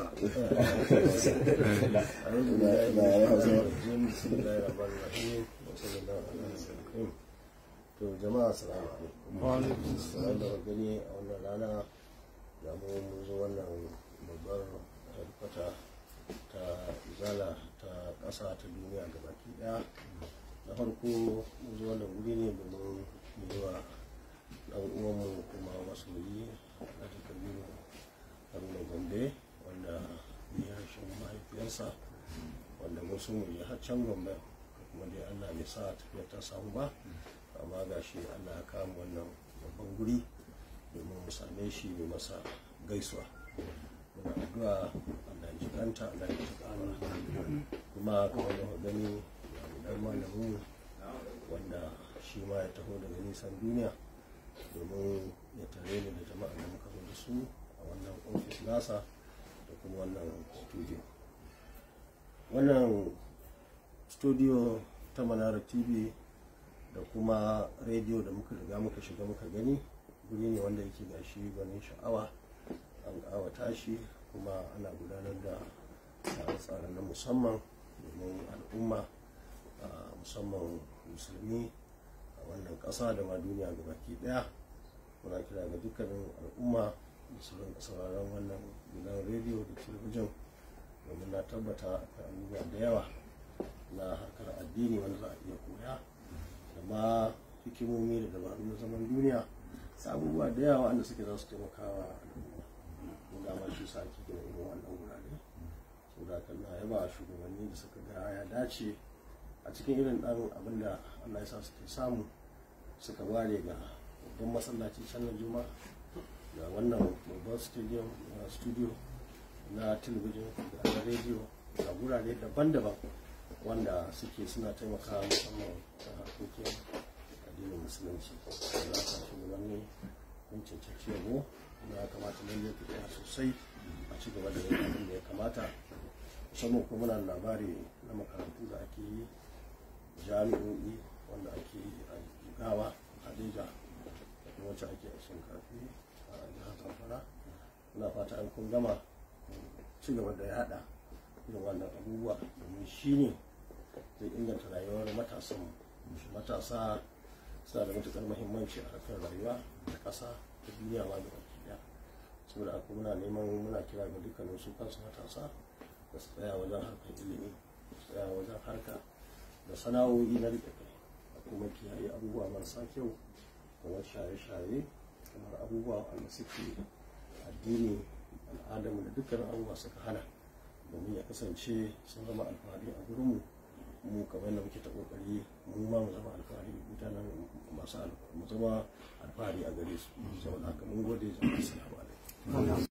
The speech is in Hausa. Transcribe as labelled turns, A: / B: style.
A: hausa to jama'a salamu alaikum da gani a wannan rana da mu zo wannan babbar harkata ta zala ta ƙasa ta duniya baki ɗaya na farko mu zo wannan wuri ne domin mu yi wa ɗan uwanmu kuma masoyi a cikin haruna gombe nesa wanda mun sun yi har can gombe kuma dai allah bai sa tafiyar ta samu ba amma ga shi allah ya kama wannan babban guri domin mu same shi mai masa gaisuwa muna addu'a allah ya ji kanta allah ya ji kuma kamar da gani dan malamin wanda shi ma ya taho daga nisan duniya domin ya tare ni da jama'a da muka zo da su a wannan ofis nasa da kuma wannan studio wannan studio ta manara tv da kuma rediyo da muka riga muka shiga muka gani guri ne wanda yake gashi gwanin sha'awa an ƙawata shi kuma ana gudanar da tsare na musamman domin al'umma musamman musulmi a wannan ƙasa da ma duniya baki ɗaya muna kira ga dukkanin al'umma musulun sauraron wannan gidan rediyo da talabijin domin na tabbata akwai abubuwa da yawa na harkar addini wanda za a iya koya da ma hikimomi da dabarun zaman duniya abubuwa da yawa wanda suke za su taimaka wa al'umma ma shi sa ake gina irin wannan wurare so da kan na yaba shugabanni da suka ga ya dace a cikin irin ɗan abin da Allah ya sa suke samu suka ware ga babban masallaci can juma'a ga wannan babban studio na talabijin da na rediyo da gurare daban-daban wanda suke suna taimaka musamman ta harkokin addinin musulunci da za ka shi wani mun cancanci yabo na kamata mun yi fita sosai a ci gaba da yin da ya kamata musamman kuma muna labari na makarantu da ake yi jami'o'i wanda ake yi a gawa kuma wacce ake a shinkafi a jihar Zamfara muna fata an kun gama ci gaba da yada da wannan abubuwa domin shi ne zai inganta rayuwar matasan matasa suna da matukar muhimmanci a harkar rayuwa da ƙasa da duniya ma da ɗaya saboda akwai muna neman muna kira ga dukkanin su kansu matasa da su tsaya wajen harkar ilimi su tsaya wajen harka da sana'o'i na riƙe kai kuma kiyaye abubuwa marasa kyau kamar shaye-shaye kamar abubuwa wanda suke addini adamu da dukkan abubuwa suka hana domin ya kasance sun zama alfahari a gurinmu mu kamar da muke ta kokari mu ma mu zama alfahari mutanen masu mu zama alfahari a gare su saboda haka mun gode jama'a alaikum